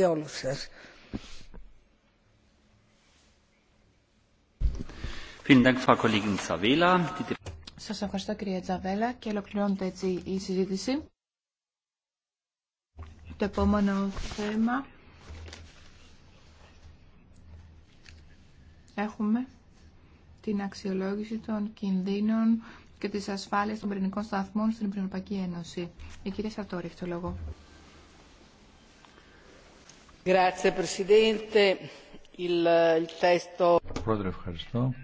για όλους σας. Σας ευχαριστώ κυρία Τζαβέλα και ολοκληρώνεται έτσι η συζήτηση. Το επόμενο θέμα έχουμε την αξιολόγηση των κινδύνων και της ασφάλειας των πυρηνικών σταθμών στην Ευρωπαϊκή Ένωση. Η κυρία Σαρτόρη έχει το λόγο. Πρόεδρε, ευχαριστώ.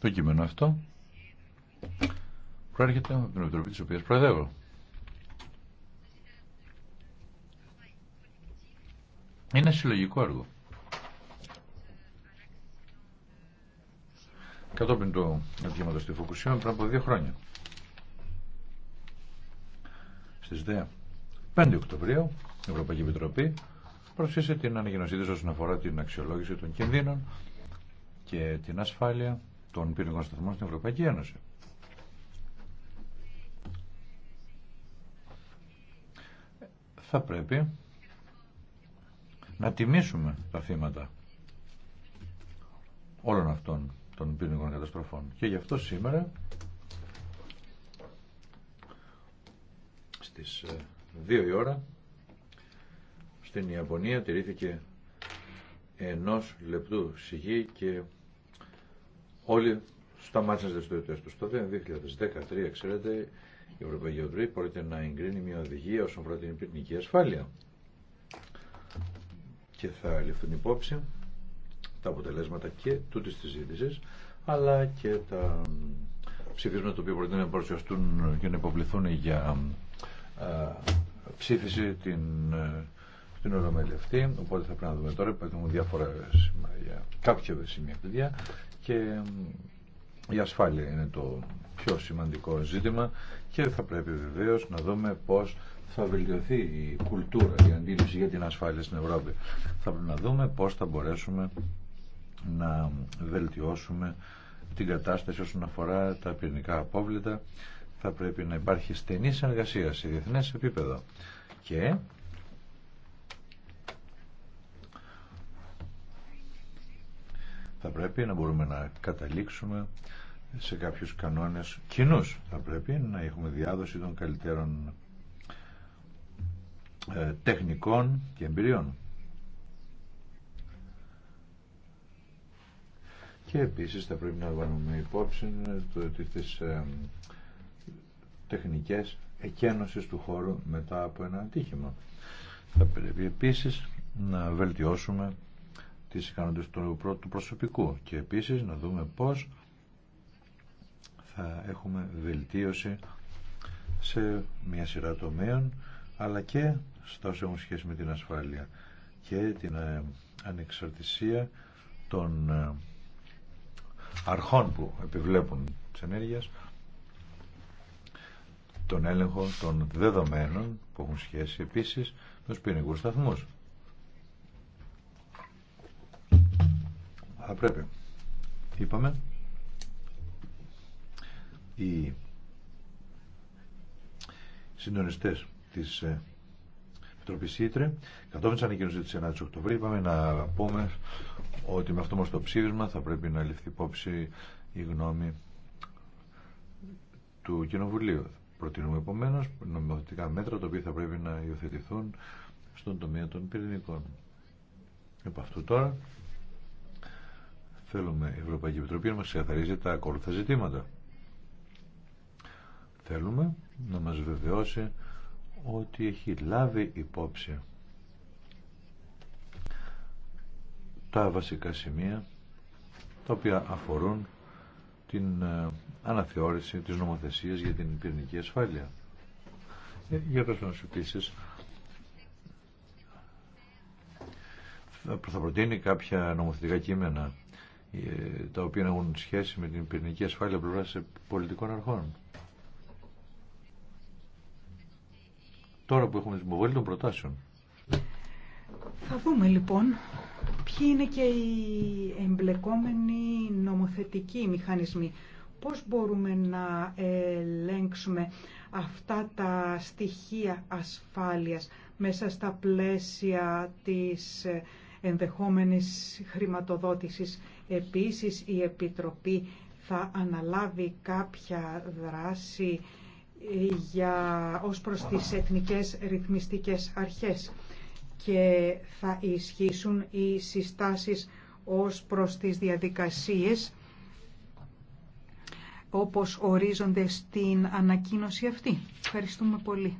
Το κείμενο αυτό προέρχεται από την Επιτροπή της οποίας προεδρεύω. Είναι συλλογικό έργο. Κατόπιν του ατυχήματος στη Φουκουσία πριν από δύο χρόνια. Στι ΔΕΑ 5 Οκτωβρίου η Ευρωπαϊκή Επιτροπή προσφύσε την ανακοινωσή της όσον αφορά την αξιολόγηση των κινδύνων και την ασφάλεια των πυρηνικών σταθμών στην Ευρωπαϊκή Ένωση. Θα πρέπει να τιμήσουμε τα θύματα όλων αυτών των πυρηνικών καταστροφών. Και γι' αυτό σήμερα στις ε, Δύο η ώρα στην Ιαπωνία τηρήθηκε ενό λεπτού σιγή και όλοι σταμάτησαν στις δουλειές τους. Το 2013, ξέρετε, η Ευρωπαϊκή Οδρή μπορείτε να εγκρίνει μια οδηγία όσον αφορά την πυρνική ασφάλεια και θα ληφθούν υπόψη τα αποτελέσματα και τούτης της συζήτηση, αλλά και τα ψηφίσματα που οποία μπορείτε να παρουσιαστούν και να υποβληθούν για ψήφισε την, ε, την ολομέλη αυτή, οπότε θα πρέπει να δούμε τώρα, υπάρχουν διάφορα σημεία, κάποια σημεία παιδιά και η ασφάλεια είναι το πιο σημαντικό ζήτημα και θα πρέπει βεβαίως να δούμε πώς θα βελτιωθεί η κουλτούρα, η αντίληψη για την ασφάλεια στην Ευρώπη. Θα πρέπει να δούμε πώς θα μπορέσουμε να βελτιώσουμε την κατάσταση όσον αφορά τα πυρηνικά απόβλητα θα πρέπει να υπάρχει στενή συνεργασία σε διεθνές επίπεδο και θα πρέπει να μπορούμε να καταλήξουμε σε κάποιους κανόνες κοινού. Θα πρέπει να έχουμε διάδοση των καλύτερων ε, τεχνικών και εμπειριών. Και επίσης θα πρέπει να βάλουμε υπόψη τις ε, τεχνικές εκένωσης του χώρου μετά από ένα ατύχημα. Θα πρέπει επίσης να βελτιώσουμε τις ικανότητες του προσωπικού και επίσης να δούμε πώς θα έχουμε βελτίωση σε μια σειρά τομέων αλλά και στα όσα έχουν σχέση με την ασφάλεια και την ε, ανεξαρτησία των ε, αρχών που επιβλέπουν τις ενέργειας τον έλεγχο των δεδομένων που έχουν σχέση επίσης με τους πυρηνικούς σταθμούς. Θα πρέπει. Είπαμε. Οι συντονιστές της ε, Επιτροπής Ήτρε κατόπιν της ανακοίνωσης της 9 Οκτωβρίου είπαμε να πούμε ότι με αυτό μας το ψήφισμα θα πρέπει να ληφθεί υπόψη η γνώμη του Κοινοβουλίου. Προτείνουμε επομένω νομιμοθετικά μέτρα τα οποία θα πρέπει να υιοθετηθούν στον τομέα των πυρηνικών. Επ' αυτού τώρα θέλουμε η Ευρωπαϊκή Επιτροπή να μας ξεκαθαρίζει τα ακόλουθα ζητήματα. Θέλουμε να μας βεβαιώσει ότι έχει λάβει υπόψη τα βασικά σημεία τα οποία αφορούν την ε, αναθεώρηση της νομοθεσίας για την πυρηνική ασφάλεια. Ε, για πες μας επίσης, θα προτείνει κάποια νομοθετικά κείμενα ε, τα οποία έχουν σχέση με την πυρηνική ασφάλεια πλευρά πολιτικών αρχών. Τώρα που έχουμε την υποβολή των προτάσεων. Θα δούμε λοιπόν ποιοι είναι και οι εμπλεκόμενοι νομοθετικοί μηχανισμοί. Πώς μπορούμε να ελέγξουμε αυτά τα στοιχεία ασφάλειας μέσα στα πλαίσια της ενδεχόμενης χρηματοδότησης. Επίσης, η Επιτροπή θα αναλάβει κάποια δράση ε, για, ως προς τις εθνικές ρυθμιστικές αρχές και θα ισχύσουν οι συστάσεις ως προς τις διαδικασίες όπως ορίζονται στην ανακοίνωση αυτή. Ευχαριστούμε πολύ.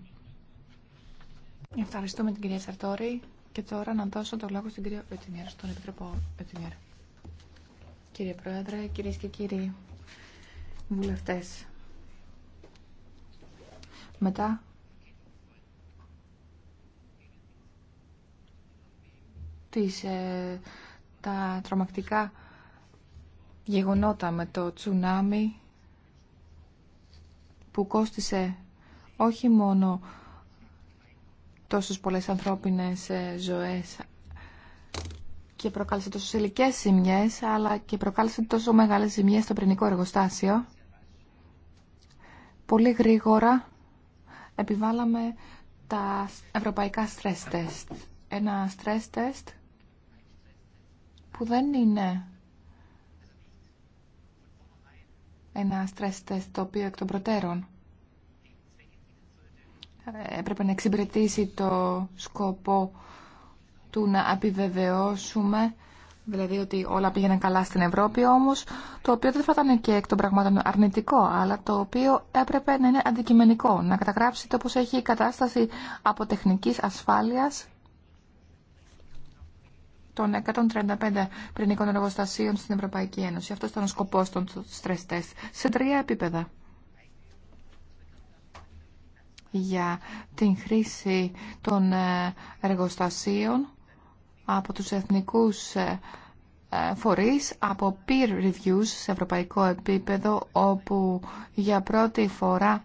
Ευχαριστούμε την κυρία Σαρτόρη και τώρα να δώσω το λόγο στην κυρία Πετινιέρ, στον Επιτροπό Πετινιέρ. Κύριε Πρόεδρε, κυρίες και κύριοι βουλευτές, μετά τις, ε, τα τρομακτικά γεγονότα με το τσουνάμι που κόστισε όχι μόνο τόσες πολλές ανθρώπινες ε, ζωές και προκάλεσε τόσες ηλικές ζημιές, αλλά και προκάλεσε τόσο μεγάλες ζημιές στο πρινικό εργοστάσιο. Πολύ γρήγορα επιβάλαμε τα ευρωπαϊκά stress test. Ένα stress test που δεν είναι ένα stress test το οποίο εκ των προτέρων έπρεπε να εξυπηρετήσει το σκοπό του να επιβεβαιώσουμε δηλαδή ότι όλα πήγαιναν καλά στην Ευρώπη όμως το οποίο δεν θα ήταν και εκ των πραγμάτων αρνητικό αλλά το οποίο έπρεπε να είναι αντικειμενικό να καταγράψει το πώς έχει η κατάσταση από ασφάλειας των 135 πυρηνικών εργοστασίων στην Ευρωπαϊκή Ένωση. Αυτό ήταν ο σκοπό των stress test σε τρία επίπεδα. Για την χρήση των ε, εργοστασίων από τους εθνικούς ε, ε, φορείς από peer reviews σε ευρωπαϊκό επίπεδο όπου για πρώτη φορά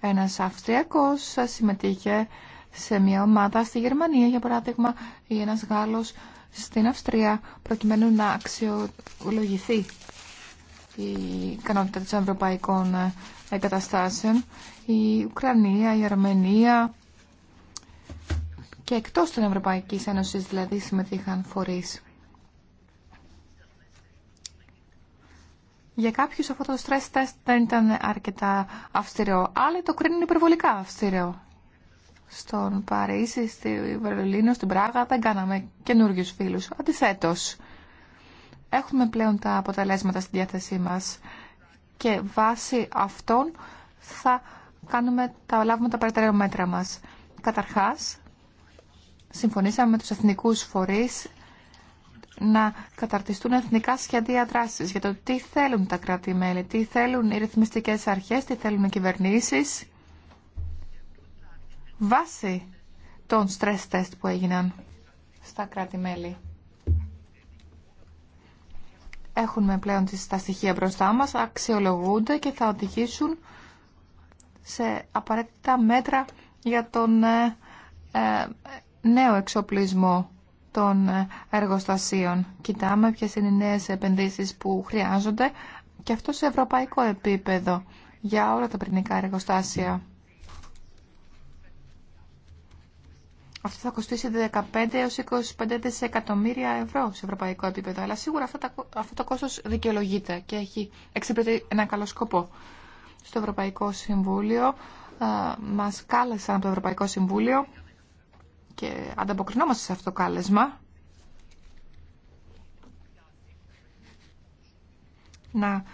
ένας Αυστριακός συμμετείχε σε μια ομάδα στη Γερμανία, για παράδειγμα, ή ένας Γάλλος στην Αυστρία, προκειμένου να αξιολογηθεί η ικανότητα των ευρωπαϊκών ε, εγκαταστάσεων. Η Ουκρανία, η Αρμενία και εκτός των Ευρωπαϊκής Ένωσης δηλαδή συμμετείχαν φορείς. Για κάποιου αυτό το stress test δεν ήταν αρκετά αυστηρό. Άλλοι το κρίνουν υπερβολικά αυστηρό στον Παρίσι, στη Βερολίνο, στην Πράγα δεν κάναμε καινούριου φίλους. Αντιθέτω. έχουμε πλέον τα αποτελέσματα στη διάθεσή μας και βάσει αυτών θα κάνουμε, τα λάβουμε τα περαιτέρω μέτρα μας. Καταρχάς, συμφωνήσαμε με τους εθνικούς φορείς να καταρτιστούν εθνικά σχέδια δράση για το τι θέλουν τα κράτη-μέλη, τι θέλουν οι ρυθμιστικές αρχές, τι θέλουν οι κυβερνήσεις βάσει των stress test που έγιναν στα κράτη-μέλη. Έχουμε πλέον τα στοιχεία μπροστά μας, αξιολογούνται και θα οδηγήσουν σε απαραίτητα μέτρα για τον ε, ε, νέο εξοπλισμό των ε, εργοστασίων. Κοιτάμε ποιες είναι οι νέες επενδύσεις που χρειάζονται και αυτό σε ευρωπαϊκό επίπεδο για όλα τα πρινικά εργοστάσια. Αυτό θα κοστίσει 15 έως 25 δισεκατομμύρια ευρώ σε ευρωπαϊκό επίπεδο. Αλλά σίγουρα αυτό, το κόστος δικαιολογείται και έχει εξυπηρετεί ένα καλό σκοπό. Στο Ευρωπαϊκό Συμβούλιο α, μας κάλεσαν από το Ευρωπαϊκό Συμβούλιο και ανταποκρινόμαστε σε αυτό το κάλεσμα. Να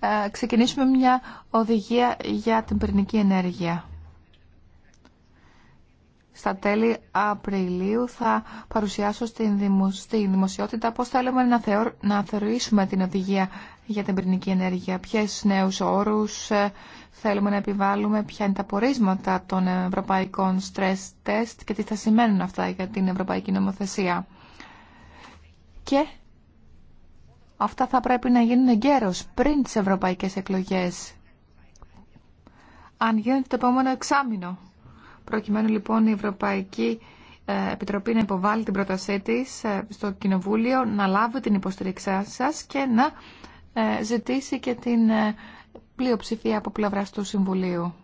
ε, ξεκινήσουμε μια οδηγία για την πυρηνική ενέργεια στα τέλη Απριλίου θα παρουσιάσω στην, δημοσιότητα πώς θέλουμε να, να θεωρήσουμε την οδηγία για την πυρηνική ενέργεια, ποιες νέους όρους ε, θέλουμε να επιβάλλουμε, ποια είναι τα πορίσματα των ευρωπαϊκών stress test και τι θα σημαίνουν αυτά για την ευρωπαϊκή νομοθεσία. Και αυτά θα πρέπει να γίνουν εγκαίρως πριν τις ευρωπαϊκές εκλογές. Αν γίνεται το επόμενο εξάμεινο. Προκειμένου λοιπόν η Ευρωπαϊκή ε, Επιτροπή να υποβάλει την πρότασή της ε, στο Κοινοβούλιο, να λάβει την υποστήριξή σας και να ε, ζητήσει και την πλειοψηφία από πλευρά του Συμβουλίου.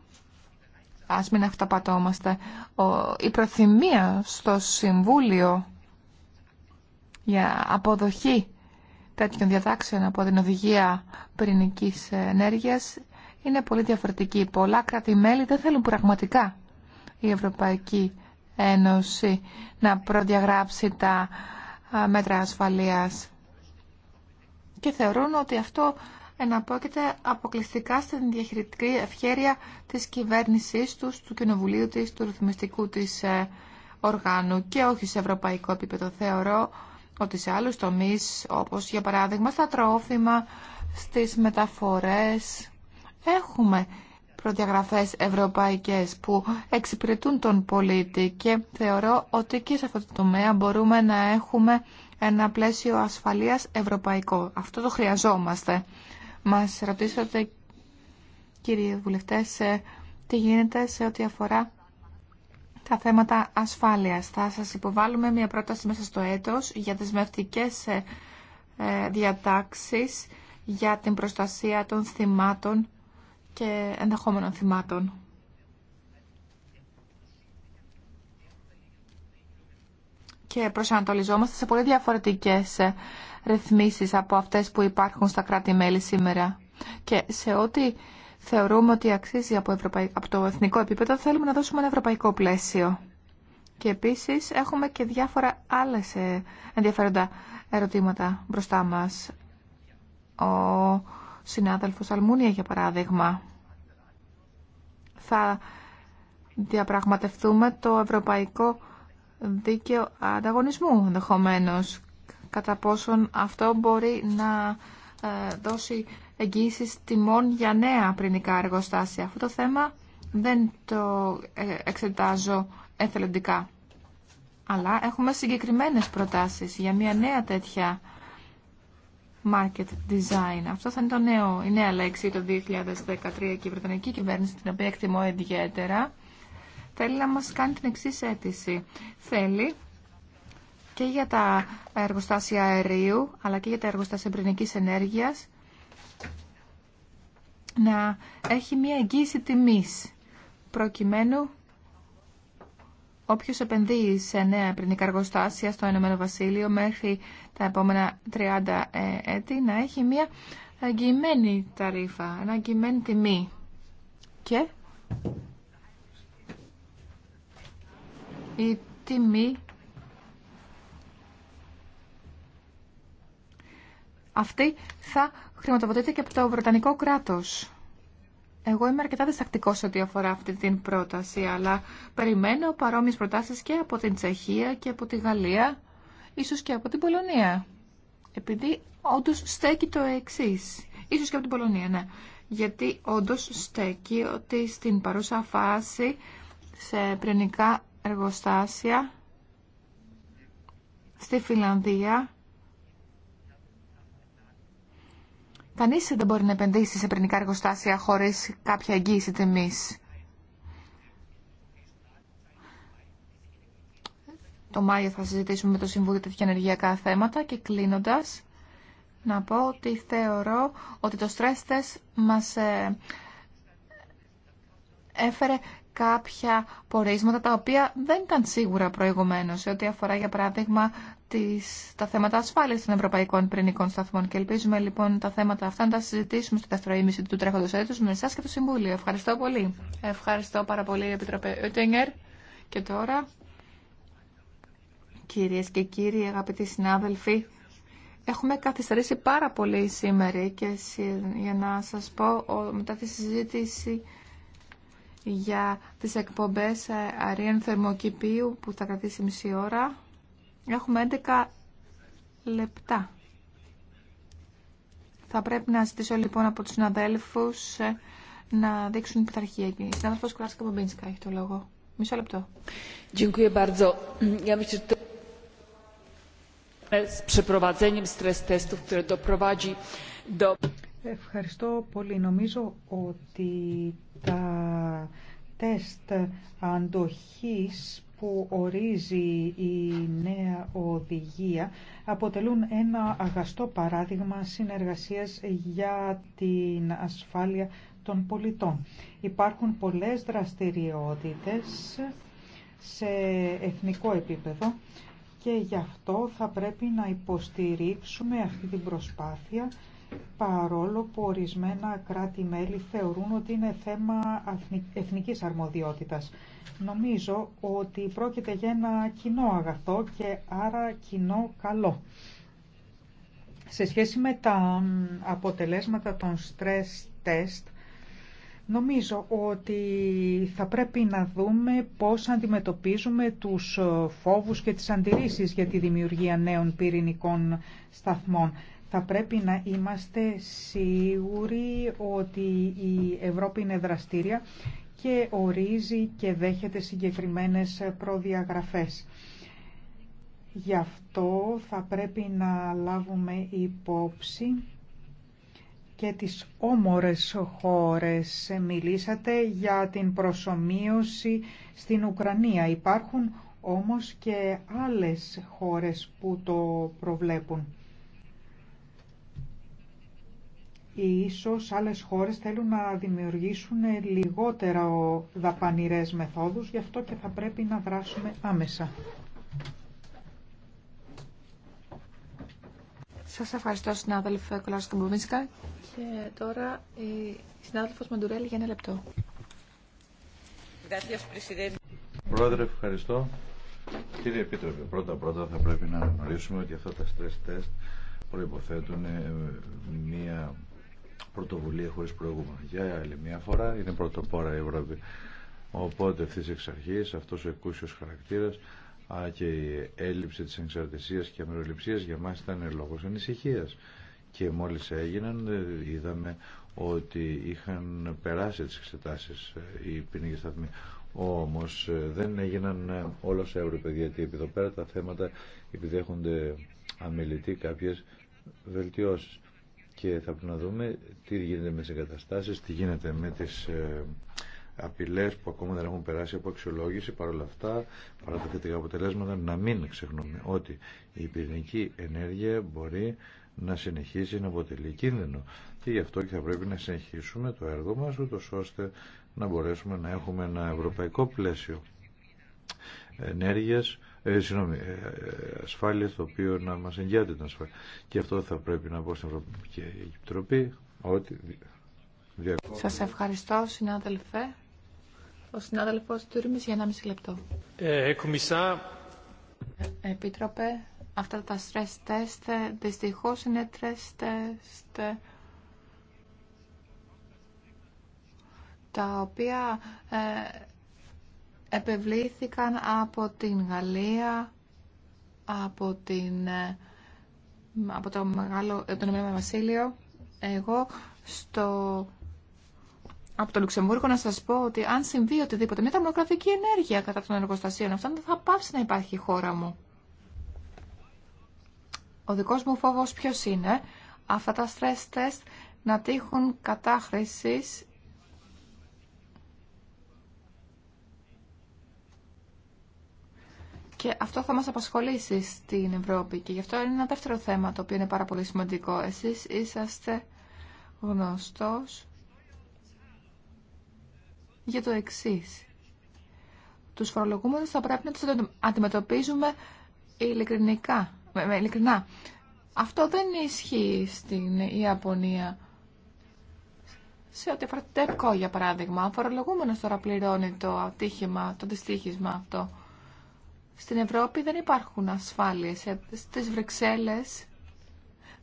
Ας μην αυταπατώμαστε. Η προθυμία στο Συμβούλιο για αποδοχή τέτοιων διατάξεων από την οδηγία πυρηνικής ενέργειας είναι πολύ διαφορετική. Πολλά κράτη-μέλη δεν θέλουν πραγματικά η Ευρωπαϊκή Ένωση να προδιαγράψει τα μέτρα ασφαλείας. Και θεωρούν ότι αυτό εναπόκειται αποκλειστικά στην διαχειριτική ευχέρεια της κυβέρνησής τους, του Κοινοβουλίου της, του ρυθμιστικού της ε, οργάνου και όχι σε ευρωπαϊκό επίπεδο. Θεωρώ ότι σε άλλους τομείς, όπως για παράδειγμα στα τρόφιμα, στις μεταφορές, έχουμε προδιαγραφές ευρωπαϊκές που εξυπηρετούν τον πολίτη και θεωρώ ότι και σε αυτό το τομέα μπορούμε να έχουμε ένα πλαίσιο ασφαλείας ευρωπαϊκό. Αυτό το χρειαζόμαστε. Μας ρωτήσατε, κύριε βουλευτέ, τι γίνεται σε ό,τι αφορά τα θέματα ασφάλειας. Θα σας υποβάλουμε μια πρόταση μέσα στο έτος για δεσμευτικές ε, ε, διατάξεις για την προστασία των θυμάτων και ενδεχόμενων θυμάτων. Και προσανατολιζόμαστε σε πολύ διαφορετικές ε, ρυθμίσεις από αυτές που υπάρχουν στα κράτη-μέλη σήμερα. Και σε ό,τι θεωρούμε ότι αξίζει από, από το εθνικό επίπεδο, θέλουμε να δώσουμε ένα ευρωπαϊκό πλαίσιο. Και επίσης έχουμε και διάφορα άλλες ε, ενδιαφέροντα ερωτήματα μπροστά μας. Ο συνάδελφος Αλμούνια για παράδειγμα. Θα διαπραγματευτούμε το ευρωπαϊκό δίκαιο ανταγωνισμού ενδεχομένω. κατά πόσον αυτό μπορεί να ε, δώσει εγγύησεις τιμών για νέα πρινικά εργοστάσια. Αυτό το θέμα δεν το ε, εξετάζω εθελοντικά. Αλλά έχουμε συγκεκριμένες προτάσεις για μια νέα τέτοια market design. Αυτό θα είναι το νέο, η νέα λέξη το 2013 και η Βρετανική κυβέρνηση, την οποία εκτιμώ ιδιαίτερα, θέλει να μας κάνει την εξή αίτηση. Θέλει και για τα εργοστάσια αερίου, αλλά και για τα εργοστάσια πυρηνικής ενέργειας, να έχει μία εγγύηση τιμής, προκειμένου Όποιο επενδύει σε νέα πυρηνικά εργοστάσια στο Ηνωμένο Βασίλειο μέχρι τα επόμενα 30 ε, έτη να έχει μια αγγιμένη ταρίφα, ένα αγγιμένη τιμή. Και η τιμή αυτή θα χρηματοδοτείται και από το Βρετανικό κράτος. Εγώ είμαι αρκετά διστακτικό σε ό,τι αφορά αυτή την πρόταση, αλλά περιμένω παρόμοιε προτάσει και από την Τσεχία και από τη Γαλλία, ίσω και από την Πολωνία. Επειδή όντω στέκει το εξή. Ίσως και από την Πολωνία, ναι. Γιατί όντω στέκει ότι στην παρούσα φάση σε πρινικά εργοστάσια στη Φιλανδία Κανείς δεν μπορεί να επενδύσει σε πυρηνικά εργοστάσια χωρίς κάποια εγγύηση τιμή. Το Μάιο θα συζητήσουμε με το Συμβούλιο τέτοια ενεργειακά θέματα και κλείνοντα να πω ότι θεωρώ ότι το stress test μας ε, έφερε κάποια πορίσματα τα οποία δεν ήταν σίγουρα προηγουμένω σε ό,τι αφορά για παράδειγμα τις, τα θέματα ασφάλεια των ευρωπαϊκών πυρηνικών σταθμών και ελπίζουμε λοιπόν τα θέματα αυτά να τα συζητήσουμε στη δευτεροήμιση του τρέχοντο έτου με εσά και το Συμβούλιο. Ευχαριστώ πολύ. Ευχαριστώ πάρα πολύ Επιτροπέ Ούτενγκερ και τώρα κύριε και κύριοι αγαπητοί συνάδελφοι Έχουμε καθυστερήσει πάρα πολύ σήμερα και για να σας πω μετά τη συζήτηση για τις εκπομπές ε, αρίων θερμοκηπίου που θα κρατήσει μισή ώρα. Έχουμε 11 λεπτά. Θα πρέπει να ζητήσω λοιπόν από τους συναδέλφους ε, να δείξουν πειθαρχία. Η συνάδελφος Κουράσκα Μπομπίνσκα έχει το λόγο. Μισό λεπτό. Ευχαριστώ πολύ. Νομίζω ότι τα τεστ αντοχής που ορίζει η νέα οδηγία αποτελούν ένα αγαστό παράδειγμα συνεργασίας για την ασφάλεια των πολιτών. Υπάρχουν πολλές δραστηριότητες σε εθνικό επίπεδο και γι' αυτό θα πρέπει να υποστηρίξουμε αυτή την προσπάθεια παρόλο που ορισμένα κράτη-μέλη θεωρούν ότι είναι θέμα εθνικής αρμοδιότητας. Νομίζω ότι πρόκειται για ένα κοινό αγαθό και άρα κοινό καλό. Σε σχέση με τα αποτελέσματα των stress test, νομίζω ότι θα πρέπει να δούμε πώς αντιμετωπίζουμε τους φόβους και τις αντιρρήσεις για τη δημιουργία νέων πυρηνικών σταθμών θα πρέπει να είμαστε σίγουροι ότι η Ευρώπη είναι δραστήρια και ορίζει και δέχεται συγκεκριμένες προδιαγραφές. Γι' αυτό θα πρέπει να λάβουμε υπόψη και τις όμορες χώρες. Μιλήσατε για την προσωμείωση στην Ουκρανία. Υπάρχουν όμως και άλλες χώρες που το προβλέπουν. Ίσως άλλες χώρες θέλουν να δημιουργήσουν λιγότερα δαπανηρές μεθόδους, γι' αυτό και θα πρέπει να δράσουμε άμεσα. Σας ευχαριστώ συνάδελφε Κολάρος Καμπομίσκα. Και τώρα η συνάδελφος Μαντουρέλη για ένα λεπτό. Πρόεδρε, ευχαριστώ. Κύριε Επίτροπε, πρώτα-πρώτα θα πρέπει να γνωρίσουμε... ότι αυτά τα stress test προϋποθέτουν ε, μία πρωτοβουλία χωρίς προηγούμενο. Για άλλη μια φορά είναι πρωτοπόρα η Ευρώπη. Οπότε αυτή εξ αρχή αυτός ο εκούσιος χαρακτήρας α, και η έλλειψη της εξαρτησίας και αμεροληψίας για μας ήταν λόγος ανησυχίας. Και μόλις έγιναν ε, είδαμε ότι είχαν περάσει τις εξετάσεις ε, οι ποινικοί σταθμοί. Όμως ε, δεν έγιναν όλα σε Ευρώπη, γιατί επειδή εδώ πέρα τα θέματα επιδέχονται αμελητή κάποιες βελτιώσεις και θα πρέπει να δούμε τι γίνεται με τις εγκαταστάσεις, τι γίνεται με τις ε, απειλές που ακόμα δεν έχουν περάσει από αξιολόγηση Παρ' όλα αυτά, παρά τα θετικά αποτελέσματα να μην ξεχνούμε ότι η πυρηνική ενέργεια μπορεί να συνεχίσει να αποτελεί κίνδυνο και γι' αυτό και θα πρέπει να συνεχίσουμε το έργο μας ούτω ώστε να μπορέσουμε να έχουμε ένα ευρωπαϊκό πλαίσιο ενέργειας ε, συγγνώμη, ε, ε, ασφάλεια το οποίο να μας εγγυάται την ασφάλεια. Και αυτό θα πρέπει να πω στην Ευρωπαϊκή Επιτροπή ότι... Σας ευχαριστώ συνάδελφε. Ο συνάδελφος Τούρμη για μισή λεπτό. Ε, ε, Επίτροπε, αυτά τα stress test δυστυχώ είναι stress test τα οποία ε, επευλήθηκαν από την Γαλλία, από, την, ε, από το μεγάλο, τον Βασίλειο, εγώ στο από το Λουξεμβούργο να σας πω ότι αν συμβεί οτιδήποτε, μια ταμοκρατική ενέργεια κατά των εργοστασίων αυτών δεν θα πάψει να υπάρχει η χώρα μου. Ο δικός μου φόβος ποιος είναι, αυτά τα stress test να τύχουν κατάχρηση Και αυτό θα μας απασχολήσει στην Ευρώπη και γι' αυτό είναι ένα δεύτερο θέμα το οποίο είναι πάρα πολύ σημαντικό. Εσείς είσαστε γνωστός για το εξή. Τους φορολογούμενους θα πρέπει να τους αντιμετωπίζουμε ειλικρινικά, με, ειλικρινά. Αυτό δεν ισχύει στην Ιαπωνία. Σε ό,τι αφορά το ΤΕΠΚΟ, για παράδειγμα, ο φορολογούμενος τώρα πληρώνει το ατύχημα, το δυστύχισμα αυτό. Στην Ευρώπη δεν υπάρχουν ασφάλειες. Ε, στις Βρυξέλλες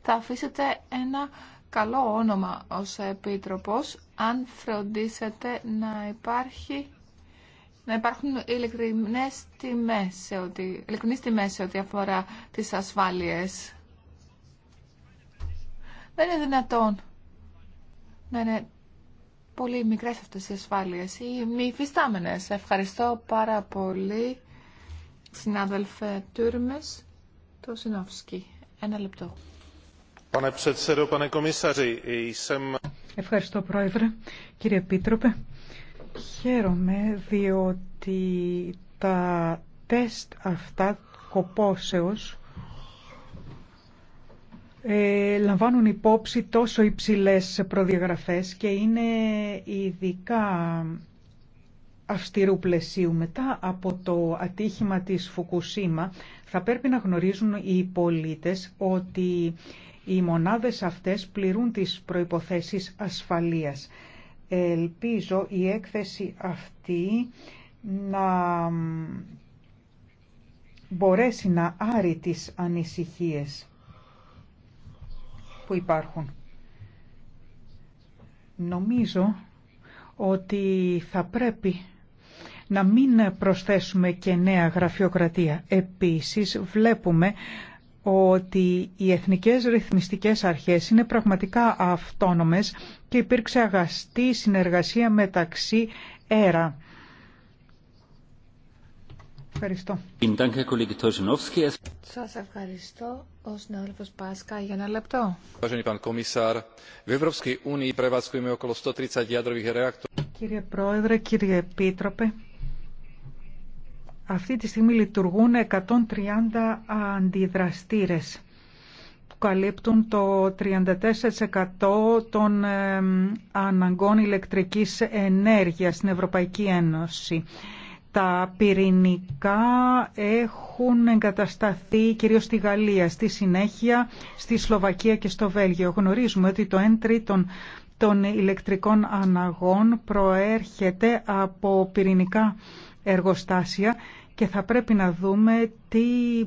θα αφήσετε ένα καλό όνομα ως επίτροπος αν φροντίσετε να υπάρχει να υπάρχουν ειλικρινές τιμές σε ό,τι, ειλικρινές ό,τι αφορά τις ασφάλειες. Δεν είναι δυνατόν να είναι πολύ μικρές αυτές οι ασφάλειες ή μη υφιστάμενες. Ευχαριστώ πάρα πολύ. Συνάδελφε Τούρμες, το Σινόφσκι. Ένα λεπτό. Ευχαριστώ Πρόεδρε. Κύριε Επίτροπε, χαίρομαι διότι τα τεστ αυτά κοπόσεως ε, λαμβάνουν υπόψη τόσο υψηλές προδιαγραφές και είναι ειδικά αυστηρού πλαισίου. Μετά από το ατύχημα της Φουκουσίμα θα πρέπει να γνωρίζουν οι πολίτες ότι οι μονάδες αυτές πληρούν τις προϋποθέσεις ασφαλείας. Ελπίζω η έκθεση αυτή να μπορέσει να άρει τις ανησυχίες που υπάρχουν. Νομίζω ότι θα πρέπει να μην προσθέσουμε και νέα γραφειοκρατία. Επίσης βλέπουμε ότι οι εθνικές ρυθμιστικές αρχές είναι πραγματικά αυτόνομες και υπήρξε αγαστή συνεργασία μεταξύ ΕΡΑ. Ευχαριστώ. Σας ευχαριστώ. Πάσκα για ένα λεπτό. Κύριε Πρόεδρε, κύριε Επίτροπε, αυτή τη στιγμή λειτουργούν 130 αντιδραστήρες που καλύπτουν το 34% των αναγκών ηλεκτρικής ενέργειας στην Ευρωπαϊκή Ένωση. Τα πυρηνικά έχουν εγκατασταθεί κυρίως στη Γαλλία, στη συνέχεια στη Σλοβακία και στο Βέλγιο. Γνωρίζουμε ότι το 1 τρίτον των ηλεκτρικών αναγών προέρχεται από πυρηνικά εργοστάσια και θα πρέπει να δούμε τι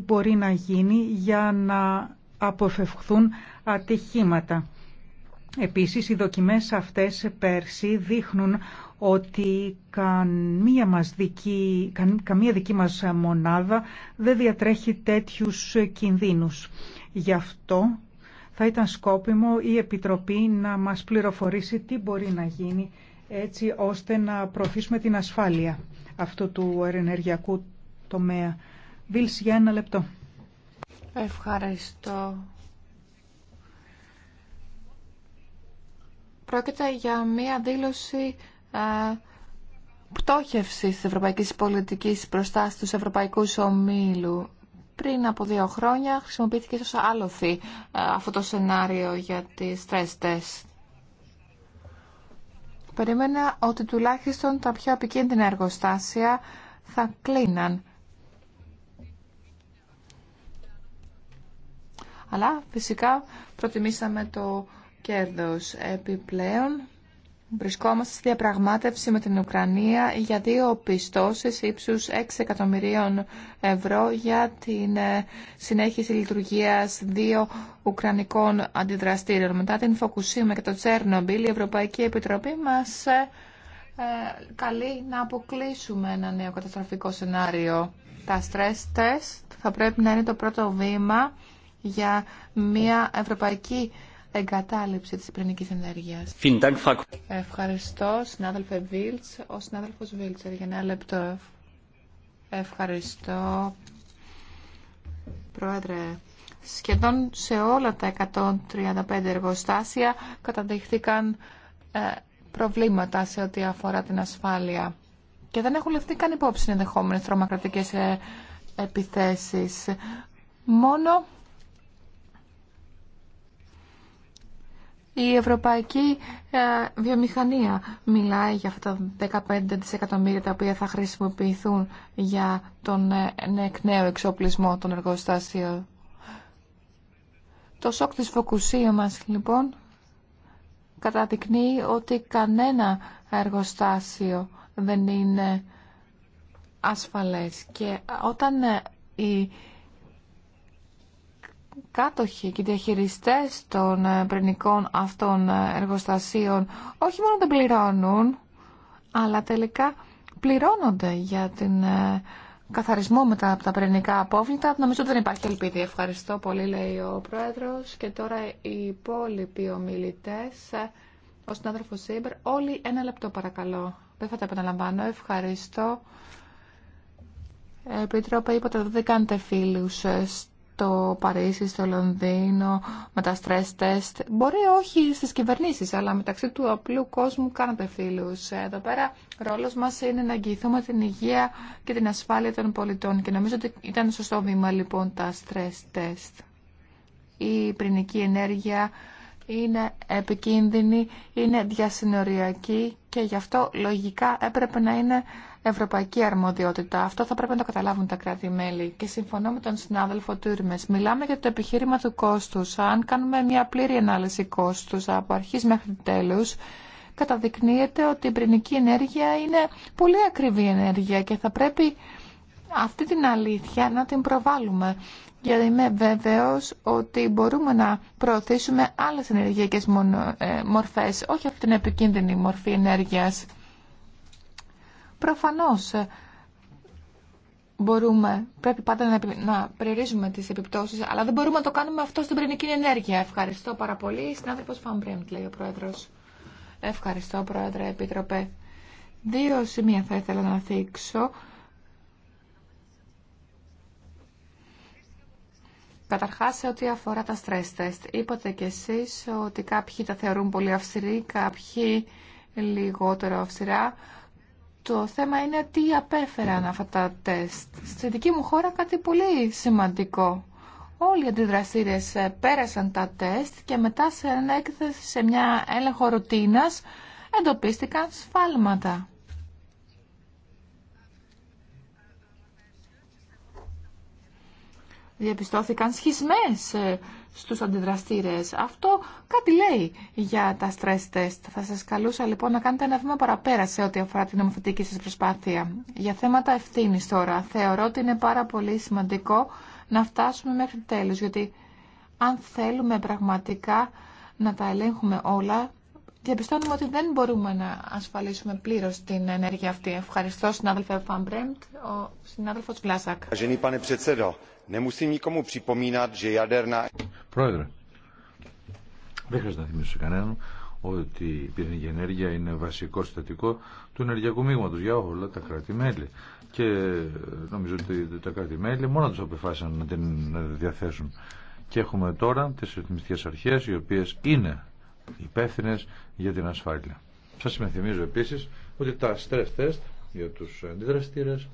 μπορεί να γίνει για να αποφευχθούν ατυχήματα. Επίσης, οι δοκιμές αυτές πέρσι δείχνουν ότι καμία, μας δική, καμία δική μας μονάδα δεν διατρέχει τέτοιους κινδύνους. Γι' αυτό θα ήταν σκόπιμο η Επιτροπή να μας πληροφορήσει τι μπορεί να γίνει έτσι ώστε να προωθήσουμε την ασφάλεια αυτού του ενεργειακού τομέα. Βίλς, για ένα λεπτό. Ευχαριστώ. Πρόκειται για μία δήλωση ε, πτώχευσης της ευρωπαϊκής πολιτικής μπροστά στους ευρωπαϊκούς ομίλου. Πριν από δύο χρόνια χρησιμοποιήθηκε ως άλοθη ε, αυτό το σενάριο για τις stress test. Περίμενα ότι τουλάχιστον τα πιο επικίνδυνα εργοστάσια θα κλείναν. Αλλά φυσικά προτιμήσαμε το κέρδος επιπλέον. Βρισκόμαστε στη διαπραγμάτευση με την Ουκρανία για δύο πιστώσεις ύψους 6 εκατομμυρίων ευρώ για την ε, συνέχιση λειτουργίας δύο Ουκρανικών αντιδραστήριων. Μετά την Φοκουσίμα και το Τσέρνομπιλ, η Ευρωπαϊκή Επιτροπή μας ε, ε, καλεί να αποκλείσουμε ένα νέο καταστροφικό σενάριο. Τα stress test θα πρέπει να είναι το πρώτο βήμα για μια ευρωπαϊκή εγκατάλειψη της πυρηνικής ενέργειας. Ευχαριστώ, συνάδελφε Βίλτς. Ο συνάδελφος Βίλτσερ, για ένα λεπτό. Ευχαριστώ, Πρόεδρε. Σχεδόν σε όλα τα 135 εργοστάσια καταδείχθηκαν ε, προβλήματα σε ό,τι αφορά την ασφάλεια. Και δεν έχουν λεφτεί καν υπόψη ενδεχόμενες τρομακρατικές ε, επιθέσεις. Μόνο Η ευρωπαϊκή ε, βιομηχανία μιλάει για αυτά τα 15 δισεκατομμύρια τα οποία θα χρησιμοποιηθούν για τον ε, νέο εξοπλισμό των εργοστάσεων. Το σοκ της Φοκουσία μας λοιπόν καταδεικνύει ότι κανένα εργοστάσιο δεν είναι ασφαλές και όταν ε, η κάτοχοι και διαχειριστές των ε, πρινικών αυτών ε, εργοστασίων όχι μόνο δεν πληρώνουν, αλλά τελικά πληρώνονται για την ε, καθαρισμό μετά από τα πρινικά απόβλητα. Νομίζω ότι δεν υπάρχει ελπίδη. Ευχαριστώ πολύ, λέει ο Πρόεδρος. Και τώρα οι υπόλοιποι ομιλητές, ο συνάδελφος Σίμπερ, όλοι ένα λεπτό παρακαλώ. Δεν θα τα επαναλαμβάνω. Ευχαριστώ. Επίτροπε, είπατε ότι δεν κάνετε φίλους το Παρίσι, στο Λονδίνο, με τα stress test. Μπορεί όχι στις κυβερνήσεις, αλλά μεταξύ του απλού κόσμου κάνατε φίλους. Εδώ πέρα ρόλος μας είναι να αγγιηθούμε την υγεία και την ασφάλεια των πολιτών και νομίζω ότι ήταν σωστό βήμα λοιπόν τα stress test. Η πρινική ενέργεια είναι επικίνδυνη, είναι διασυνοριακή και γι' αυτό λογικά έπρεπε να είναι ευρωπαϊκή αρμοδιότητα. Αυτό θα πρέπει να το καταλάβουν τα κράτη-μέλη. Και συμφωνώ με τον συνάδελφο Τούρμε. Μιλάμε για το επιχείρημα του κόστου. Αν κάνουμε μια πλήρη ανάλυση κόστου από αρχή μέχρι τέλου, καταδεικνύεται ότι η πυρηνική ενέργεια είναι πολύ ακριβή ενέργεια και θα πρέπει αυτή την αλήθεια να την προβάλλουμε. Γιατί είμαι βέβαιος ότι μπορούμε να προωθήσουμε άλλες ενεργειακές ε, μορφές, όχι αυτή την επικίνδυνη μορφή ενέργειας. Προφανώς ε, μπορούμε, πρέπει πάντα να, περιορίζουμε τις επιπτώσεις, αλλά δεν μπορούμε να το κάνουμε αυτό στην πυρηνική ενέργεια. Ευχαριστώ πάρα πολύ. Συνάδελφος Φαμπρέμπτ, λέει ο Πρόεδρος. Ευχαριστώ, Πρόεδρε, Επίτροπε. Δύο σημεία θα ήθελα να θίξω Καταρχάς, σε ό,τι αφορά τα stress test, είπατε κι εσείς ότι κάποιοι τα θεωρούν πολύ αυστηροί, κάποιοι λιγότερο αυστηρά. Το θέμα είναι τι απέφεραν αυτά τα τεστ. Στη δική μου χώρα κάτι πολύ σημαντικό. Όλοι οι αντιδραστήρες ε, πέρασαν τα τεστ και μετά σε, έκθεση, σε μια έλεγχο ρουτίνας εντοπίστηκαν σφάλματα. διαπιστώθηκαν σχισμές ε, στους αντιδραστήρες. Αυτό κάτι λέει για τα stress test. Θα σας καλούσα λοιπόν να κάνετε ένα βήμα παραπέρα σε ό,τι αφορά την νομοθετική σας προσπάθεια. Για θέματα ευθύνη τώρα, θεωρώ ότι είναι πάρα πολύ σημαντικό να φτάσουμε μέχρι τέλους, γιατί αν θέλουμε πραγματικά να τα ελέγχουμε όλα, διαπιστώνουμε ότι δεν μπορούμε να ασφαλίσουμε πλήρω την ενέργεια αυτή. Ευχαριστώ, συνάδελφε Φαμπρέμπτ, ο συνάδελφο Βλάσακ. Πρόεδρε, δεν χρειάζεται να θυμίσω κανέναν ότι η πυρηνική ενέργεια είναι βασικό συστατικό του ενεργειακού μείγματος για όλα τα κράτη-μέλη. Και ε, νομίζω ότι τα κράτη-μέλη μόνο τους αποφάσισαν να την διαθέσουν. Και έχουμε τώρα τις ρυθμιστικές αρχές οι οποίες είναι υπεύθυνε για την ασφάλεια. Σας συμμεθυμίζω επίσης ότι τα stress test για τους αντιδραστήρες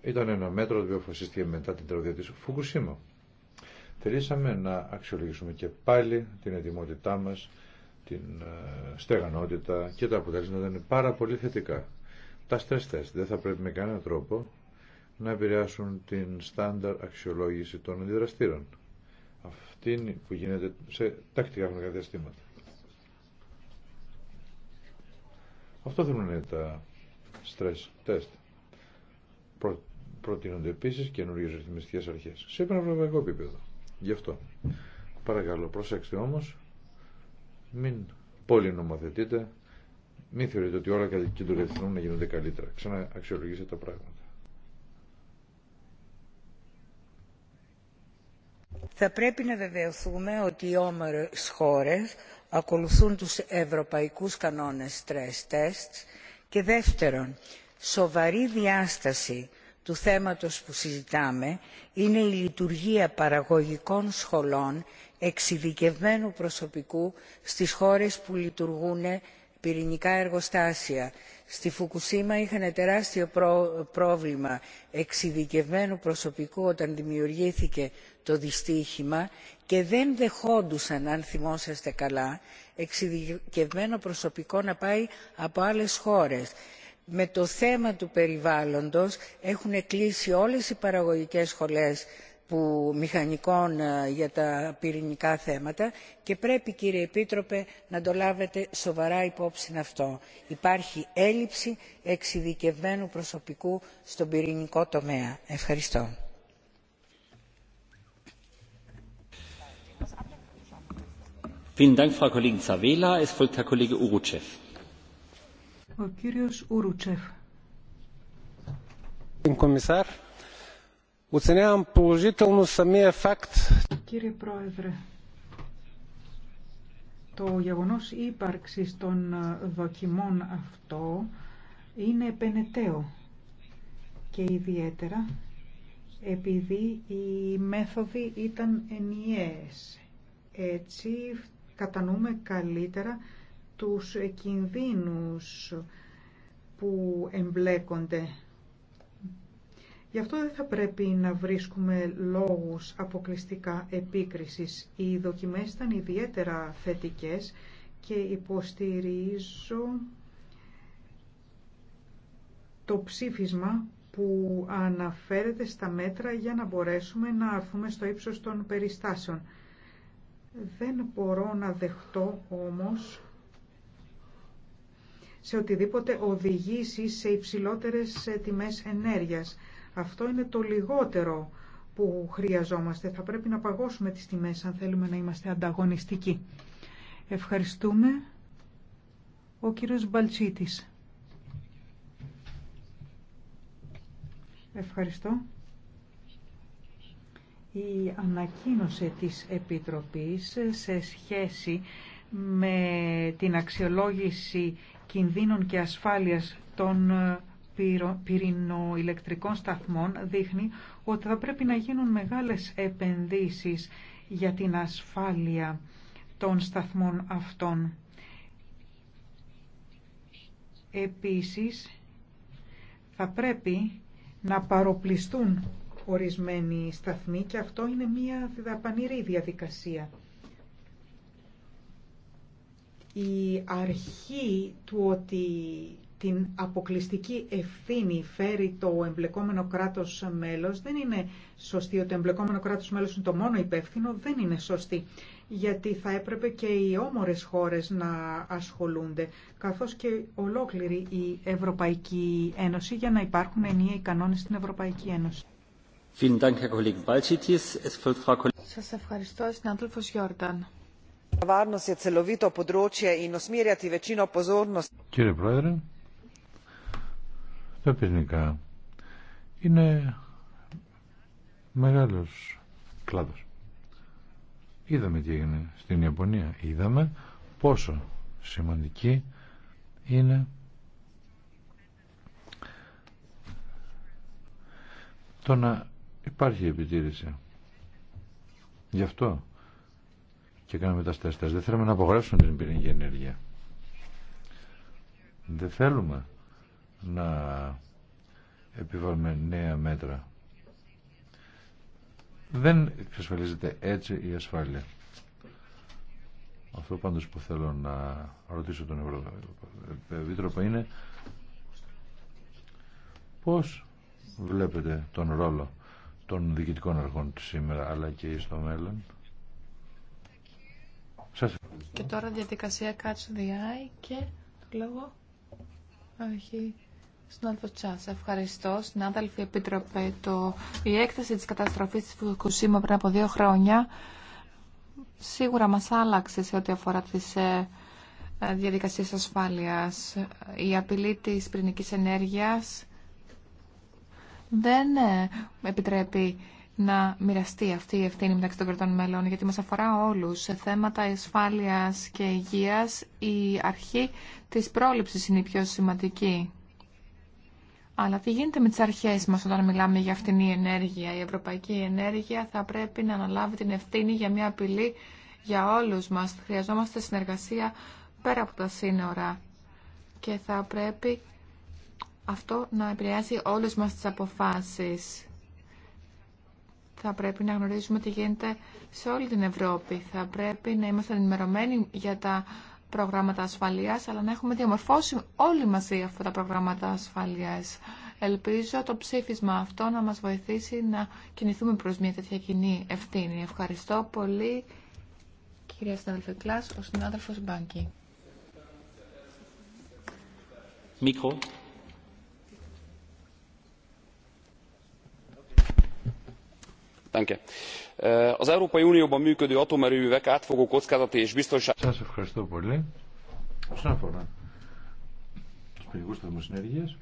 ήταν ένα μέτρο το οποίο μετά την τραγωδία της Φουκουσίμα. Θελήσαμε να αξιολογήσουμε και πάλι την ετοιμότητά μας, την ε, στεγανότητα και τα αποτελέσματα είναι πάρα πολύ θετικά. Τα stress test δεν θα πρέπει με κανέναν τρόπο να επηρεάσουν την στάνταρ αξιολόγηση των αντιδραστήρων. Αυτή που γίνεται σε τακτικά χρονικά διαστήματα. Αυτό θέλουν τα stress test. Προ, προτείνονται επίση καινούριε ρυθμιστικέ αρχέ σε πανευρωπαϊκό επίπεδο. Γι' αυτό. Παρακαλώ, προσέξτε όμω, μην πολύ πολυνομοθετείτε, μην θεωρείτε ότι όλα κινδυνεύουν να γίνονται καλύτερα. Ξανααξιολογήστε τα πράγματα. Θα πρέπει να βεβαιωθούμε ότι οι όμορες χώρες ακολουθούν τους ευρωπαϊκούς κανόνες stress tests και δεύτερον σοβαρή διάσταση του θέματος που συζητάμε είναι η λειτουργία παραγωγικών σχολών εξειδικευμένου προσωπικού στις χώρες που λειτουργούν πυρηνικά εργοστάσια. στη φουκουσίμα είχαν τεράστιο πρόβλημα εξειδικευμένου προσωπικού όταν δημιουργήθηκε το δυστύχημα και δεν δεχόντουσαν αν θυμόσαστε καλά εξειδικευμένο προσωπικό να πάει από άλλες χώρες με το θέμα του περιβάλλοντος έχουν κλείσει όλες οι παραγωγικές σχολές που, μηχανικών ε, για τα πυρηνικά θέματα και πρέπει κύριε επίτροπε να το λάβετε σοβαρά υπόψη αυτό. υπάρχει έλλειψη εξειδικευμένου προσωπικού στον πυρηνικό τομέα. ευχαριστώ. Ο κύριος Ουρουτσέφ. Κύριε Πρόεδρε, το γεγονός ύπαρξης των ε, δοκιμών αυτό είναι επενεταίο και ιδιαίτερα επειδή οι μέθοδοι ήταν ενιαίες. Έτσι κατανοούμε καλύτερα τους κινδύνους που εμπλέκονται. Γι' αυτό δεν θα πρέπει να βρίσκουμε λόγους αποκλειστικά επίκρισης. Οι δοκιμές ήταν ιδιαίτερα θετικές και υποστηρίζω το ψήφισμα που αναφέρεται στα μέτρα για να μπορέσουμε να αρθούμε στο ύψος των περιστάσεων. Δεν μπορώ να δεχτώ όμως σε οτιδήποτε οδηγήσει σε υψηλότερες ε, τιμές ενέργειας. Αυτό είναι το λιγότερο που χρειαζόμαστε. Θα πρέπει να παγώσουμε τις τιμές αν θέλουμε να είμαστε ανταγωνιστικοί. Ευχαριστούμε. Ο κύριος Μπαλτσίτης. Ευχαριστώ. Η ανακοίνωση της Επιτροπής ε, σε σχέση με την αξιολόγηση κινδύνων και ασφάλειας των ε, πυρηνοηλεκτρικών σταθμών δείχνει ότι θα πρέπει να γίνουν μεγάλες επενδύσεις για την ασφάλεια των σταθμών αυτών. Επίσης, θα πρέπει να παροπλιστούν ορισμένοι σταθμοί και αυτό είναι μια δαπανηρή διαδικασία η αρχή του ότι την αποκλειστική ευθύνη φέρει το εμπλεκόμενο κράτος μέλος δεν είναι σωστή, ότι το εμπλεκόμενο κράτος μέλος είναι το μόνο υπεύθυνο, δεν είναι σωστή. Γιατί θα έπρεπε και οι όμορες χώρες να ασχολούνται, καθώς και ολόκληρη η Ευρωπαϊκή Ένωση για να υπάρχουν ενιαίοι κανόνες στην Ευρωπαϊκή Ένωση. Σας ευχαριστώ, συνάδελφος Γιόρταν. Κύριε Πρόεδρε, τα πυρηνικά είναι μεγάλος κλάδος. Είδαμε τι έγινε στην Ιαπωνία. Είδαμε πόσο σημαντική είναι το να υπάρχει επιτήρηση. Γι' αυτό και κάναμε τα στέστα. Δεν θέλουμε να απογορεύσουμε την πυρηνική ενέργεια. Δεν θέλουμε να επιβάλλουμε νέα μέτρα. Δεν εξασφαλίζεται έτσι η ασφάλεια. Αυτό πάντως που θέλω να ρωτήσω τον Ευρωβίτροπο είναι πώς βλέπετε τον ρόλο των διοικητικών αρχών σήμερα αλλά και στο μέλλον. Και τώρα διαδικασία Catch the και το λόγο έχει άλλο Τσάς. Ευχαριστώ. Συνάδελφοι Επίτροπε, το... η έκθεση της καταστροφής της Φουκουσίμα πριν από δύο χρόνια σίγουρα μας άλλαξε σε ό,τι αφορά τις ε, ε, διαδικασίες ασφάλειας. Η απειλή της πυρηνικής ενέργειας δεν ε, επιτρέπει να μοιραστεί αυτή η ευθύνη μεταξύ των κρατών μελών, γιατί μας αφορά όλους. Σε θέματα ασφάλειας και υγείας, η αρχή της πρόληψης είναι η πιο σημαντική. Αλλά τι γίνεται με τις αρχές μας όταν μιλάμε για αυτήν η ενέργεια. Η ευρωπαϊκή ενέργεια θα πρέπει να αναλάβει την ευθύνη για μια απειλή για όλους μας. Χρειαζόμαστε συνεργασία πέρα από τα σύνορα και θα πρέπει αυτό να επηρεάσει όλες μας τις αποφάσεις θα πρέπει να γνωρίζουμε τι γίνεται σε όλη την Ευρώπη. Θα πρέπει να είμαστε ενημερωμένοι για τα προγράμματα ασφαλείας, αλλά να έχουμε διαμορφώσει όλοι μαζί αυτά τα προγράμματα ασφαλείας. Ελπίζω το ψήφισμα αυτό να μας βοηθήσει να κινηθούμε προς μια τέτοια κοινή ευθύνη. Ευχαριστώ πολύ, κυρία συνάδελφε Κλάς, ο συνάδελφος Μπάνκι. Μικρό. Az Európai Unióban működő atomerőművek átfogó kockázati és biztonsági... ευχαριστώ πολύ. Σαν αφορά τους πυρηνικούς θερμοσυνέργειες,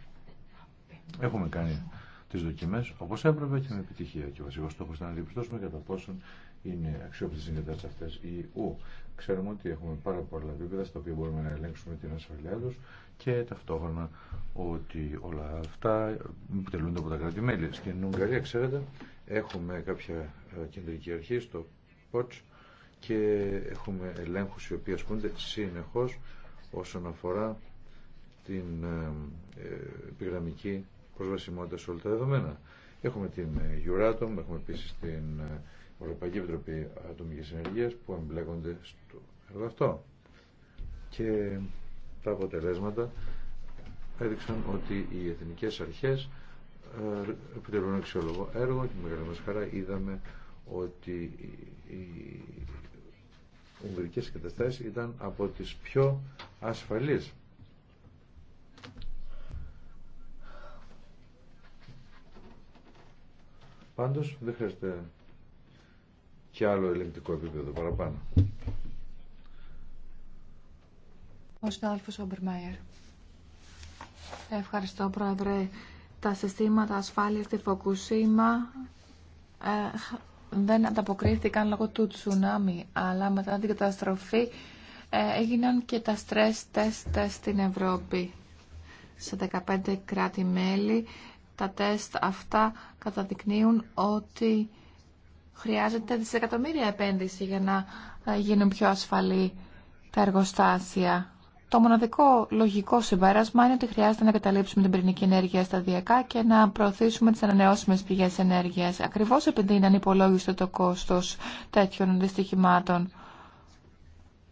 έχουμε κάνει τι δοκιμέ όπω έπρεπε και με επιτυχία. Και ο βασικό στόχο ήταν να διαπιστώσουμε κατά πόσον είναι αξιόπιστες συγκεντάσεις αυτέ ή ου. Ξέρουμε ότι έχουμε πάρα πολλά επίπεδα στα οποία μπορούμε να ελέγξουμε την ασφαλειά του και ταυτόχρονα ότι όλα αυτά επιτελούνται από τα κράτη-μέλη. Στην Ουγγαρία, ξέρετε, Έχουμε κάποια ε, κεντρική αρχή στο ΠΟΤΣ και έχουμε ελέγχους οι οποίοι ασκούνται συνεχώς όσον αφορά την ε, ε, επιγραμμική προσβασιμότητα σε όλα τα δεδομένα. Έχουμε την Euratom, έχουμε επίσης την Ευρωπαϊκή Επιτροπή Ατομικής Ενεργείας που εμπλέκονται στο έργο αυτό. Και τα αποτελέσματα έδειξαν ότι οι εθνικές αρχές ε, επιτελούν αξιόλογο έργο και μεγάλη μας χαρά είδαμε ότι οι ουγγρικές καταστάσεις ήταν από τις πιο ασφαλείς. Πάντως δεν χρειάζεται και άλλο ελεγκτικό επίπεδο παραπάνω. Ο συνάδελφος Ομπερμάιερ. Ευχαριστώ, Πρόεδρε τα συστήματα ασφάλειας στη Φοκουσίμα ε, δεν ανταποκρίθηκαν λόγω του τσουνάμι, αλλά μετά την καταστροφή ε, έγιναν και τα stress test στην Ευρώπη. Σε 15 κράτη-μέλη τα τεστ αυτά καταδεικνύουν ότι χρειάζεται δισεκατομμύρια επένδυση για να ε, γίνουν πιο ασφαλή τα εργοστάσια. Το μοναδικό λογικό συμπέρασμα είναι ότι χρειάζεται να καταλήψουμε την πυρηνική ενέργεια σταδιακά και να προωθήσουμε τι ανανεώσιμε πηγέ ενέργεια, ακριβώ επειδή είναι ανυπολόγιστο το κόστο τέτοιων δυστυχημάτων.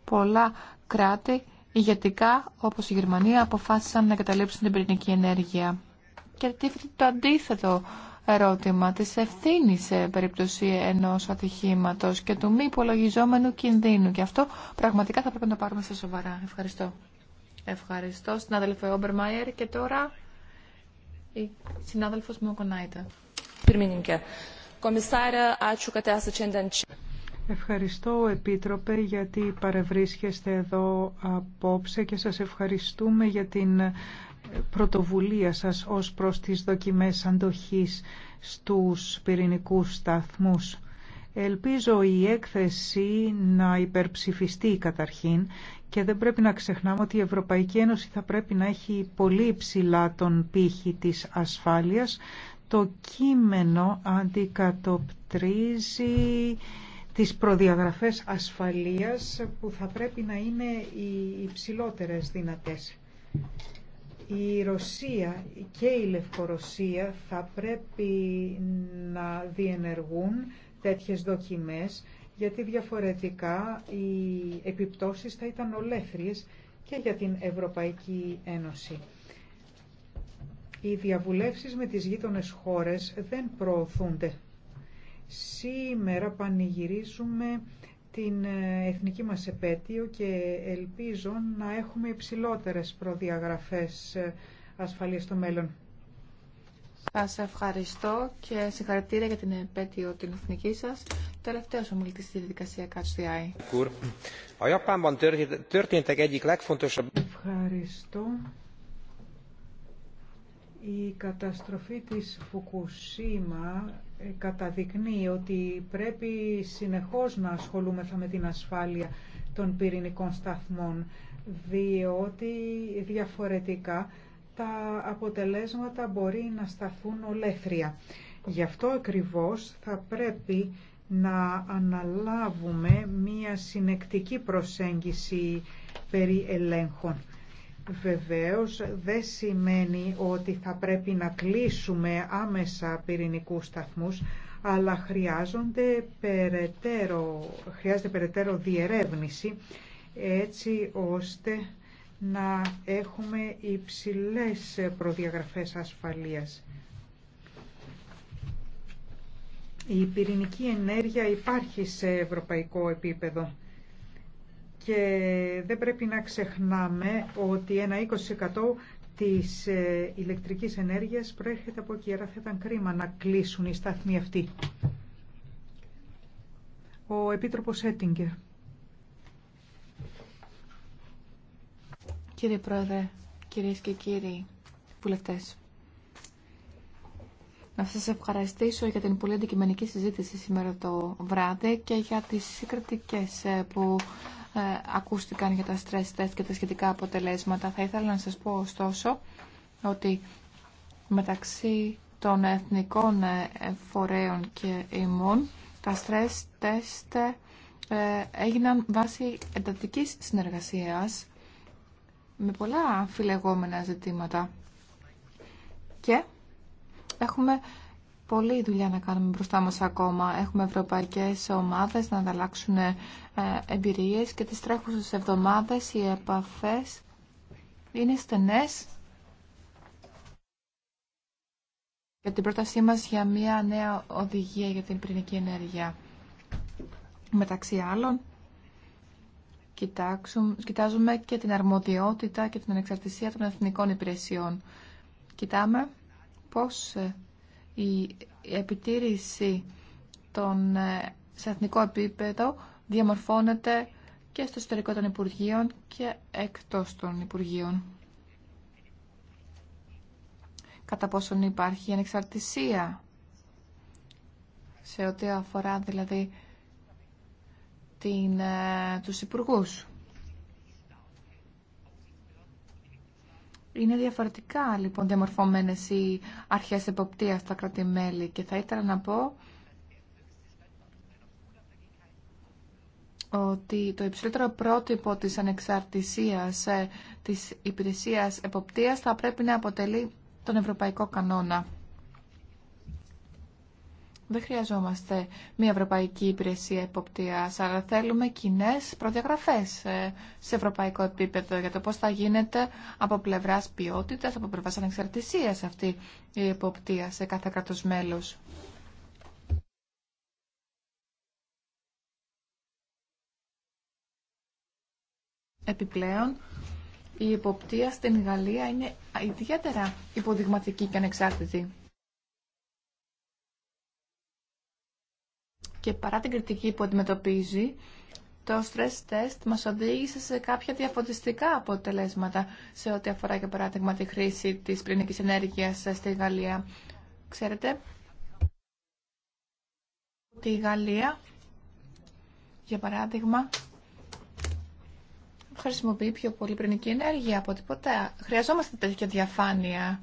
Πολλά κράτη ηγετικά, όπω η Γερμανία, αποφάσισαν να καταλήψουν την πυρηνική ενέργεια. Και το αντίθετο ερώτημα της ευθύνη σε περίπτωση ενός ατυχήματος και του μη υπολογιζόμενου κινδύνου. Και αυτό πραγματικά θα πρέπει να το πάρουμε στα σοβαρά. Ευχαριστώ. Ευχαριστώ, συνάδελφε Μάιερ. Και τώρα η συνάδελφος Μοκονάιτα. Ευχαριστώ, Επίτροπε, γιατί παρευρίσκεστε εδώ απόψε και σας ευχαριστούμε για την πρωτοβουλία σας ως προς τις δοκιμές αντοχής στους πυρηνικούς σταθμούς. Ελπίζω η έκθεση να υπερψηφιστεί καταρχήν και δεν πρέπει να ξεχνάμε ότι η Ευρωπαϊκή Ένωση θα πρέπει να έχει πολύ υψηλά τον πύχη της ασφάλειας. Το κείμενο αντικατοπτρίζει τις προδιαγραφές ασφαλείας που θα πρέπει να είναι οι υψηλότερες δυνατές. Η Ρωσία και η Λευκορωσία θα πρέπει να διενεργούν τέτοιες δοκιμές γιατί διαφορετικά οι επιπτώσεις θα ήταν ολέθριες και για την Ευρωπαϊκή Ένωση. Οι διαβουλεύσεις με τις γείτονες χώρες δεν προωθούνται. Σήμερα πανηγυρίζουμε την ε, εθνική μας επέτειο και ελπίζω να έχουμε υψηλότερες προδιαγραφές ε, ασφαλείας στο μέλλον. Σας ευχαριστώ και συγχαρητήρια για την επέτειο την εθνική σας. Τελευταίος ομιλητή στη διαδικασία ΚΑΤΣΤΙΑΗ. Ευχαριστώ. Η καταστροφή της Φουκουσίμα ε, καταδεικνύει ότι πρέπει συνεχώς να ασχολούμεθα με την ασφάλεια των πυρηνικών σταθμών, διότι διαφορετικά τα αποτελέσματα μπορεί να σταθούν ολέθρια. Γι' αυτό ακριβώς θα πρέπει να αναλάβουμε μία συνεκτική προσέγγιση περί ελέγχων. Βεβαίως δεν σημαίνει ότι θα πρέπει να κλείσουμε άμεσα πυρηνικούς σταθμούς, αλλά χρειάζονται περαιτέρω, χρειάζεται περαιτέρω διερεύνηση έτσι ώστε να έχουμε υψηλές προδιαγραφές ασφαλείας. Η πυρηνική ενέργεια υπάρχει σε ευρωπαϊκό επίπεδο και δεν πρέπει να ξεχνάμε ότι ένα 20% της ε, ηλεκτρικής ενέργειας προέρχεται από εκεί, άρα θα ήταν κρίμα να κλείσουν οι στάθμοι αυτοί. Ο Επίτροπος Έτιγκερ. Κύριε Πρόεδρε, κυρίες και κύριοι βουλευτές, να σας ευχαριστήσω για την πολύ αντικειμενική συζήτηση σήμερα το βράδυ και για τις συγκριτικές ε, που ε, ακούστηκαν για τα stress test και τα σχετικά αποτελέσματα. Θα ήθελα να σας πω ωστόσο ότι μεταξύ των εθνικών ε, φορέων και ημών τα stress test έγιναν βάσει εντατικής συνεργασίας με πολλά αμφιλεγόμενα ζητήματα. Και έχουμε πολλή δουλειά να κάνουμε μπροστά μας ακόμα. Έχουμε ευρωπαϊκές ομάδες να ανταλλάξουν ε, εμπειρίες και τις τρέχουσες εβδομάδες οι επαφές είναι στενές για την πρότασή μας για μια νέα οδηγία για την πυρηνική ενέργεια. Μεταξύ άλλων, κοιτάζουμε και την αρμοδιότητα και την ανεξαρτησία των εθνικών υπηρεσιών. Κοιτάμε πώς ε, η επιτήρηση των, ε, σε εθνικό επίπεδο διαμορφώνεται και στο ιστορικό των Υπουργείων και εκτός των Υπουργείων. Κατά πόσον υπάρχει ανεξαρτησία σε ό,τι αφορά δηλαδή την, ε, τους υπουργούς. Είναι διαφορετικά λοιπόν διαμορφωμένες οι αρχές εποπτείας στα κράτη-μέλη και θα ήθελα να πω ότι το υψηλότερο πρότυπο της ανεξαρτησίας ε, της υπηρεσίας εποπτείας θα πρέπει να αποτελεί τον ευρωπαϊκό κανόνα. Δεν χρειαζόμαστε μια ευρωπαϊκή υπηρεσία εποπτείας, αλλά θέλουμε κοινέ προδιαγραφέ ε, σε ευρωπαϊκό επίπεδο για το πώ θα γίνεται από πλευράς ποιότητα, από πλευράς ανεξαρτησίας αυτή η εποπτεία σε κάθε κράτο μέλος. Επιπλέον, η υποπτία στην Γαλλία είναι ιδιαίτερα υποδειγματική και ανεξάρτητη. και παρά την κριτική που αντιμετωπίζει, το stress test μας οδήγησε σε κάποια διαφωτιστικά αποτελέσματα σε ό,τι αφορά για παράδειγμα τη χρήση της πυρηνικής ενέργειας στη Γαλλία. Ξέρετε ότι η Γαλλία, για παράδειγμα, χρησιμοποιεί πιο πολύ πυρηνική ενέργεια από ό,τι ποτέ. Χρειαζόμαστε τέτοια διαφάνεια.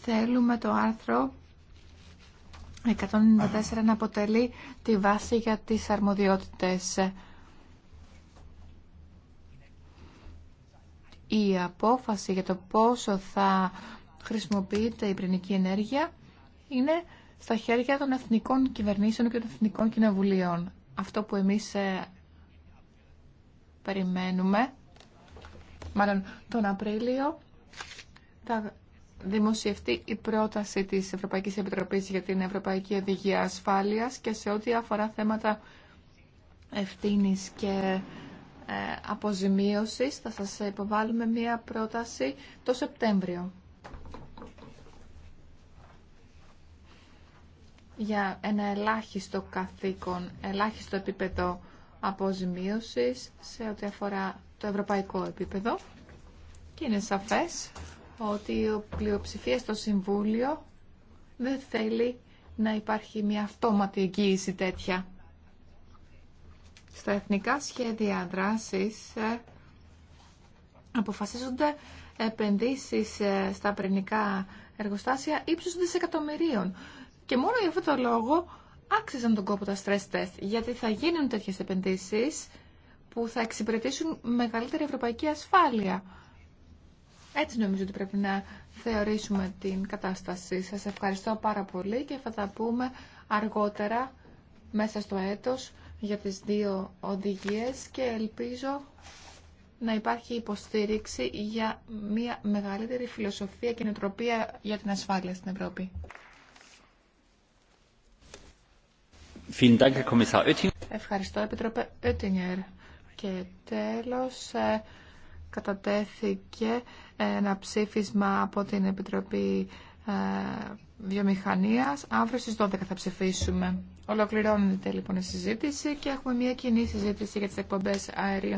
Θέλουμε το άρθρο 194 να αποτελεί τη βάση για τις αρμοδιότητες. Η απόφαση για το πόσο θα χρησιμοποιείται η πρινική ενέργεια είναι στα χέρια των εθνικών κυβερνήσεων και των εθνικών κοινοβουλίων. Αυτό που εμείς ε, περιμένουμε, μάλλον τον Απρίλιο, δημοσιευτεί η πρόταση της Ευρωπαϊκής Επιτροπής για την Ευρωπαϊκή Οδηγία Ασφάλειας και σε ό,τι αφορά θέματα ευθύνης και ε, αποζημίωσης θα σας υποβάλουμε μία πρόταση το Σεπτέμβριο. για ένα ελάχιστο καθήκον, ελάχιστο επίπεδο αποζημίωσης σε ό,τι αφορά το ευρωπαϊκό επίπεδο και είναι σαφές ότι ο πλειοψηφία στο Συμβούλιο δεν θέλει να υπάρχει μια αυτόματη εγγύηση τέτοια. Στα εθνικά σχέδια δράσης ε, αποφασίζονται επενδύσεις ε, στα πρινικά εργοστάσια ύψους δισεκατομμυρίων. Και μόνο για αυτό το λόγο άξιζαν τον κόπο τα stress test, γιατί θα γίνουν τέτοιες επενδύσεις που θα εξυπηρετήσουν μεγαλύτερη ευρωπαϊκή ασφάλεια. Έτσι νομίζω ότι πρέπει να θεωρήσουμε την κατάσταση. Σας ευχαριστώ πάρα πολύ και θα τα πούμε αργότερα μέσα στο έτος για τις δύο οδηγίες και ελπίζω να υπάρχει υποστήριξη για μια μεγαλύτερη φιλοσοφία και νοοτροπία για την ασφάλεια στην Ευρώπη. Ευχαριστώ, Επιτροπέ Oettinger. Και τέλος, ε, κατατέθηκε ένα ψήφισμα από την Επιτροπή ε, Βιομηχανίας. Αύριο στις 12 θα ψηφίσουμε. Ολοκληρώνεται λοιπόν η συζήτηση και έχουμε μια κοινή συζήτηση για τις εκπομπές αερίων